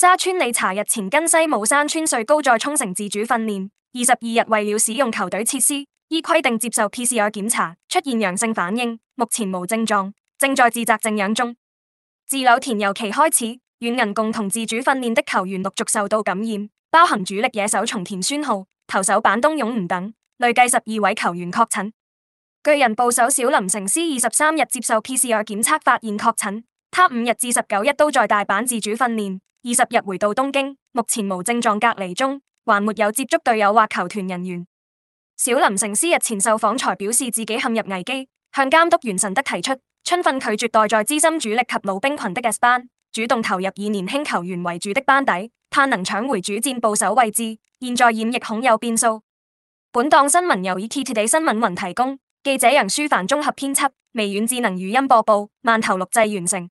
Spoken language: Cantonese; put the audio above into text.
砂川理查日前跟西武山川穗高在沖繩自主訓練，二十二日為了使用球隊設施，依規定接受 PCR 檢查，出現陽性反應，目前無症狀，正在自責靜養中。自柳田悠岐開始，與人共同自主訓練的球員陸續受到感染，包含主力野手松田宣浩、投手板東勇吾等，累計十二位球員確診。巨人捕手小林誠司二十三日接受 PCR 檢測發現確診，他五日至十九日都在大阪自主訓練。二十日回到東京，目前無症狀隔離中，還沒有接觸隊友或球團人員。小林誠司日前受訪才表示自己陷入危機，向監督原神德提出，充分拒絕待在資深主力及老兵群的 S 班，主動投入以年輕球員為主的班底，盼能搶回主戰捕手位置。現在染疫恐有變數。本檔新聞由 ETtoday 新聞雲提供，記者楊舒凡綜合編輯，微軟智能語音播報，慢頭錄製完成。